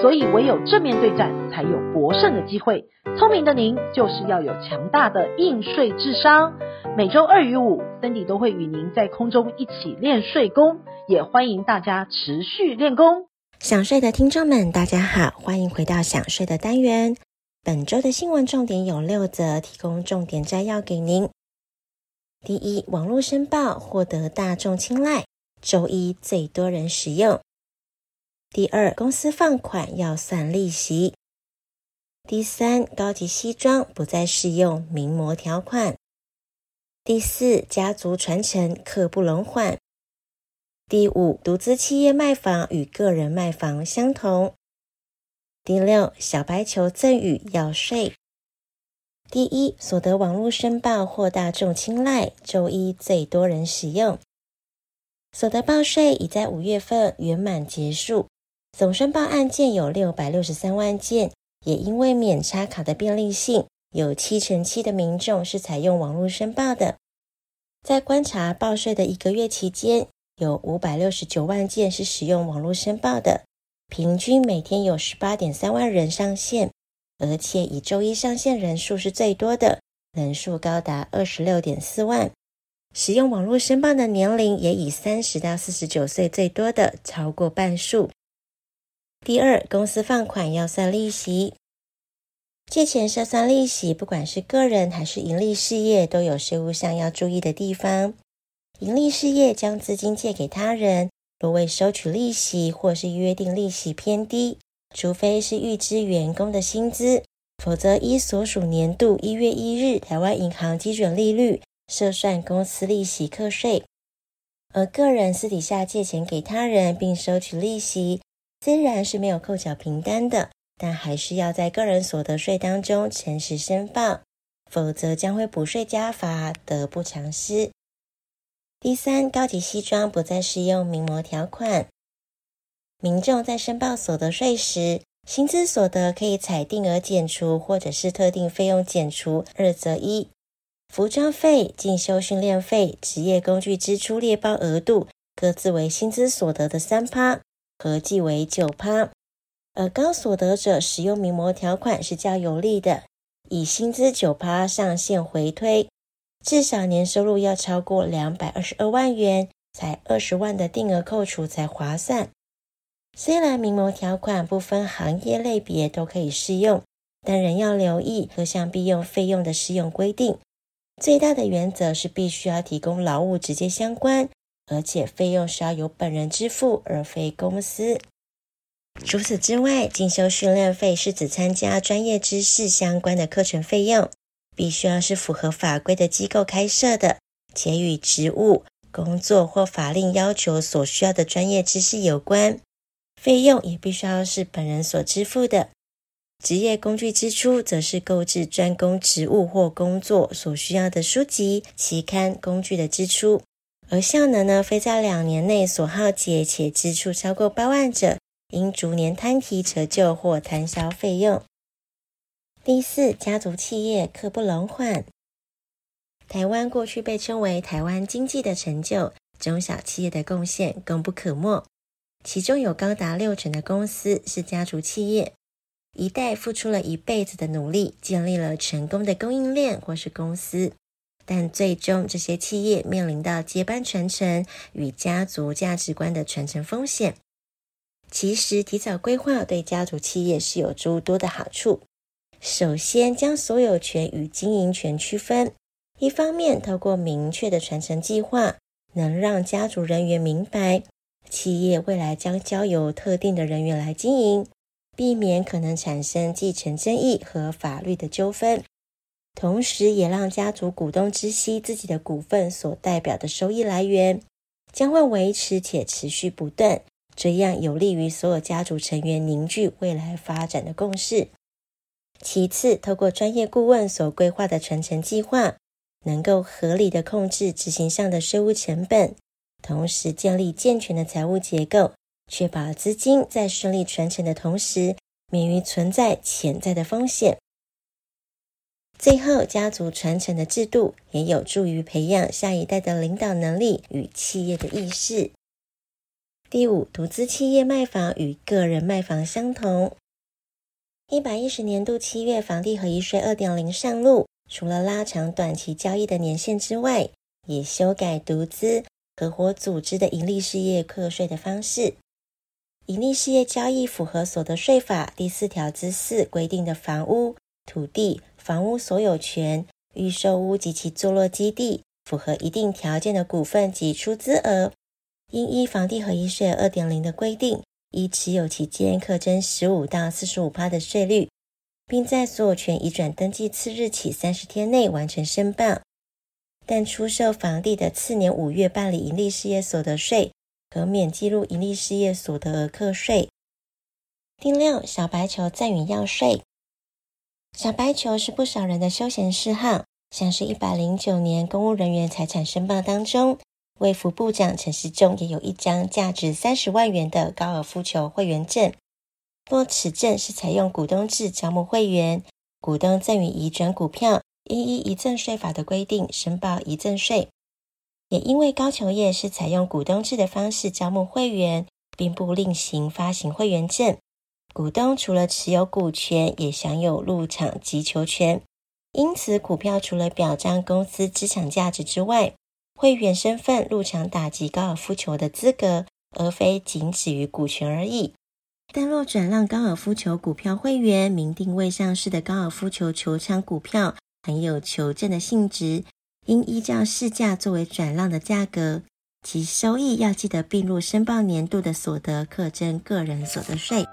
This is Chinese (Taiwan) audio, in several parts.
所以唯有正面對戰，才有搏勝的機會。聰明的您，就是要有強大的應稅智商。每週二與五，森迪都會與您在空中一起練稅功，也歡迎大家持續練功。享稅的聽眾們，大家好，歡迎回到享稅的單元。本周的新聞重點有六則，提供重點摘要給您。第一，網絡申報獲得大眾青睞，周一最多人使用。第二，公司放款要算利息。第三，高級西裝不再適用名模條款。第四，家族傳承刻不容緩。第五，獨資企業賣房與個人賣房相同。第六，小白球贈與要稅。第一，所得網絡申報獲大眾青睞，周一最多人使用。所得報稅已在五月份圓滿結束。總申報案件有六百六十三萬件，也因為免插卡的便利性，有七成七的民眾是採用網絡申報的。在觀察報稅的一個月期間，有五百六十九萬件是使用網絡申報的，平均每天有十八點三萬人上線，而且以週一上線人數是最多的，人數高達二十六點四萬。使用網絡申報的年齡也以三十到四十九歲最多的超過半數。第二，公司放款要算利息。借錢要算利息，不管是個人還是盈利事業，都有稅務上要注意的地方。盈利事業將資金借給他人，若未收取利息或是約定利息偏低，除非是預支員工的薪資，否則依所屬年度一月一日台灣銀行基準利率，設算公司利息課稅。而個人私底下借錢給他人並收取利息。雖然是沒有扣繳憑單的，但還是要在個人所得稅當中誠實申報，否則將會補稅加罰，得不償失。第三，高級西裝不再適用名模條款，民眾在申報所得稅時，薪資所得可以採定額減除或者是特定費用減除二擇一，服裝費、進修訓練費、職業工具支出列報額度各自為薪資所得的三趴。合計為九趴，而高所得者使用名模條款是較有利的。以薪資九趴上限回推，至少年收入要超過兩百二十二萬元，才二十萬的定額扣除才划算。雖然名模條款不分行業類別都可以適用，但仍要留意各項必要費用的適用規定。最大的原則是必須要提供勞務直接相關。而且費用需要由本人支付，而非公司。除此之外，進修訓練費是指參加專業知識相關的課程費用，必須要是符合法規的機構開設的，且與職務、工作或法令要求所需要的專業知識有關。費用也必須要是本人所支付的。職業工具支出則是購置專供職務或工作所需要的書籍、期刊、工具的支出。而效能呢，非在兩年內所耗竭且支出超過八萬者，應逐年攤提折舊或攤銷費用。第四，家族企業刻不容緩。台灣過去被稱為台灣經濟的成就，中小企業的貢獻功不可沒，其中有高達六成的公司是家族企業，一代付出了一輩子的努力，建立了成功的供應鏈或是公司。但最終，這些企業面臨到接班傳承與家族價值觀的傳承風險。其實，提早規劃對家族企業是有諸多的好處。首先，將所有權與經營權區分。一方面，透過明確的傳承計劃，能讓家族人員明白企業未來將交由特定的人員來經營，避免可能產生繼承爭議和法律的糾紛。同時，也讓家族股東知悉自己的股份所代表的收益來源將會維持且持續不斷，這樣有利於所有家族成員凝聚未來發展的共識。其次，透過專業顧問所規劃的傳承計劃，能夠合理的控制執行上的稅務成本，同時建立健全的財務結構，確保資金在順利傳承的同時，免於存在潛在的風險。最後，家族傳承的制度也有助於培養下一代的領導能力與企業的意識。第五，獨資企業賣房與個人賣房相同。一百一十年度七月，房地合一稅二點零上路，除了拉長短期交易的年限之外，也修改獨資、合夥組織的營利事業課稅的方式。營利事業交易符合所得稅法第四條之四規定的房屋、土地。房屋所有權、預售屋及其坐落基地符合一定條件的股份及出資額，應依房地合一稅二點零的規定，依持有期間課徵十五到四十五趴的稅率，並在所有權移轉登記次日起三十天內完成申報。但出售房地的次年五月辦理盈利事業所得稅，可免記入盈利事業所得額課稅。第六，小白球贈與要稅。小白球是不少人的休閒嗜好，像是109年公務人員財產申報當中，衛福部長陳時中也有一張價值三十萬元的高爾夫球會員證。若此證是採用股東制招募會員，股東贈予移轉股票，因依遺贈稅法的規定申報遺贈稅。也因為高球業是採用股東制的方式招募會員，並不另行發行會員證。股東除了持有股權，也享有入場擊球權，因此股票除了表彰公司資產價值之外，會員身份入場打擊高爾夫球的資格，而非僅止於股權而已。但若轉讓高爾夫球股票會員，明定未上市的高爾夫球球場股票，含有球證的性質，應依照市價作為轉讓的價格，其收益要記得併入申報年度的所得，課徵個人所得稅。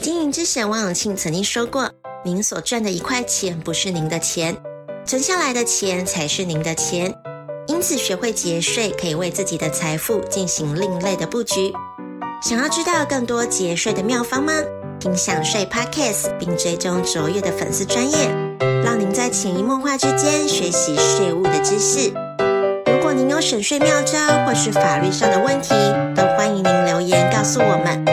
經營之神王永慶曾經說過：“您所賺的一塊錢不是您的錢，存下來的錢才是您的錢。因此，學會節稅可以為自己的財富進行另類的布局。想要知道更多節稅的妙方嗎？聽享稅 Podcast 並追蹤卓越的粉絲專業，讓您在潛移默化之間學習稅務的知識。如果您有省稅妙招或是法律上的問題，都歡迎您留言告訴我們。